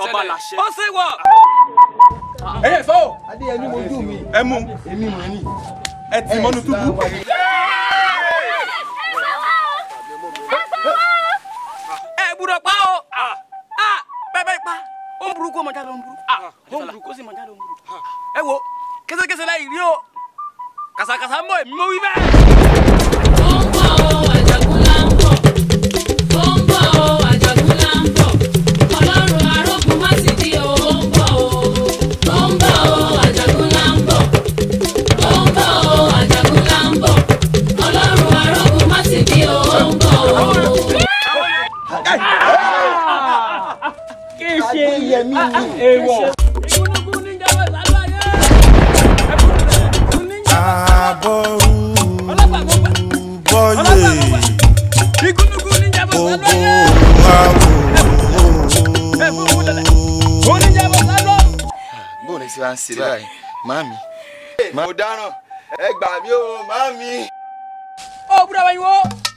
tọ́ba làṣẹ. ó sì wọ̀. Ah. ẹyẹ sọ o. adéyẹmí mojú mi. ẹ mú èmi mọ̀ ní. ẹ tì mọ́nú túbú. ẹ gbúdọ̀ pa o. Ah. Ah. bẹ́ẹ̀ pa ó ń burúkú ó mọ̀ jáde ó ń burú. ó ń burúkú ó sì mọ̀ jáde ó ń burú. ẹ wo kẹsẹkẹsẹ la yìí rí o kàsàkàsà ń bọ̀ èmi mo wí bẹ́ẹ̀. yẹ mí ni. Ah, ah. èèwọ̀. àbọ̀rù gbogbo àwò. bóun ni tí wàá ń ṣe báyìí màámi. mo dáràn ẹ gbà mí o màámi. ó búra wáyé wo.